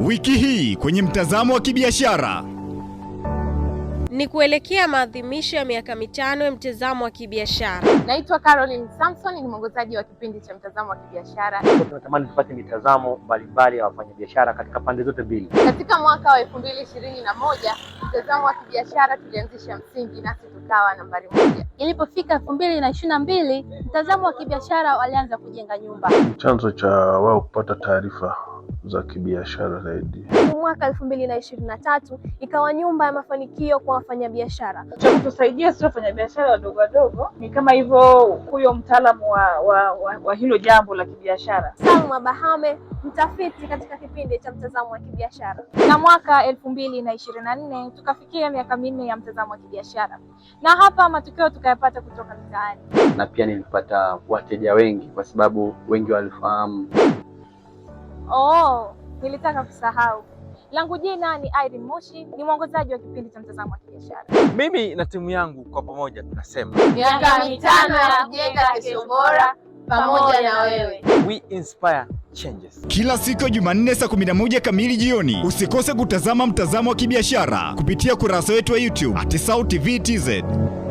Wiki hii kwenye mtazamo wa kibiashara ni kuelekea maadhimisho ya miaka mitano ya mtazamo wa kibiashara. Naitwa Caroline Samson, ni mwongozaji wa kipindi cha mtazamo wa kibiashara. Tunatamani tupate mitazamo mbalimbali ya wafanyabiashara katika pande zote mbili. Katika mwaka wa elfu mbili ishirini na moja mtazamo wa kibiashara tulianzisha msingi nasi tukawa nambari moja. Ilipofika elfu mbili na ishirini na mbili mtazamo wa kibiashara walianza kujenga nyumba. Chanzo cha wao kupata taarifa za kibiashara zaidi. Mwaka 2023 ikawa nyumba ya mafanikio kwa wafanyabiashara. Cha kutusaidia sio wafanyabiashara wadogo wadogo ni kama hivyo, huyo mtaalamu wa, wa, wa, wa hilo jambo la kibiashara Salma Bahame, mtafiti katika kipindi cha mtazamo wa kibiashara. Na mwaka 2024 tukafikia miaka minne ya mtazamo wa kibiashara, na hapa matokeo tukayapata kutoka mtaani, na pia nilipata wateja wengi kwa sababu wengi walifahamu Oh, nilitaka kusahau. Langu jina ni Irene Moshi, ni mwongozaji wa kipindi cha mtazamo wa kibiashara. Mimi na timu yangu kwa pamoja tunasema miaka mitano ya kujenga kesho bora pamoja na wewe. We inspire changes. Kila siku ya Jumanne saa 11 kamili jioni usikose kutazama mtazamo wa kibiashara kupitia kurasa wetu wa YouTube at SauTV TZ.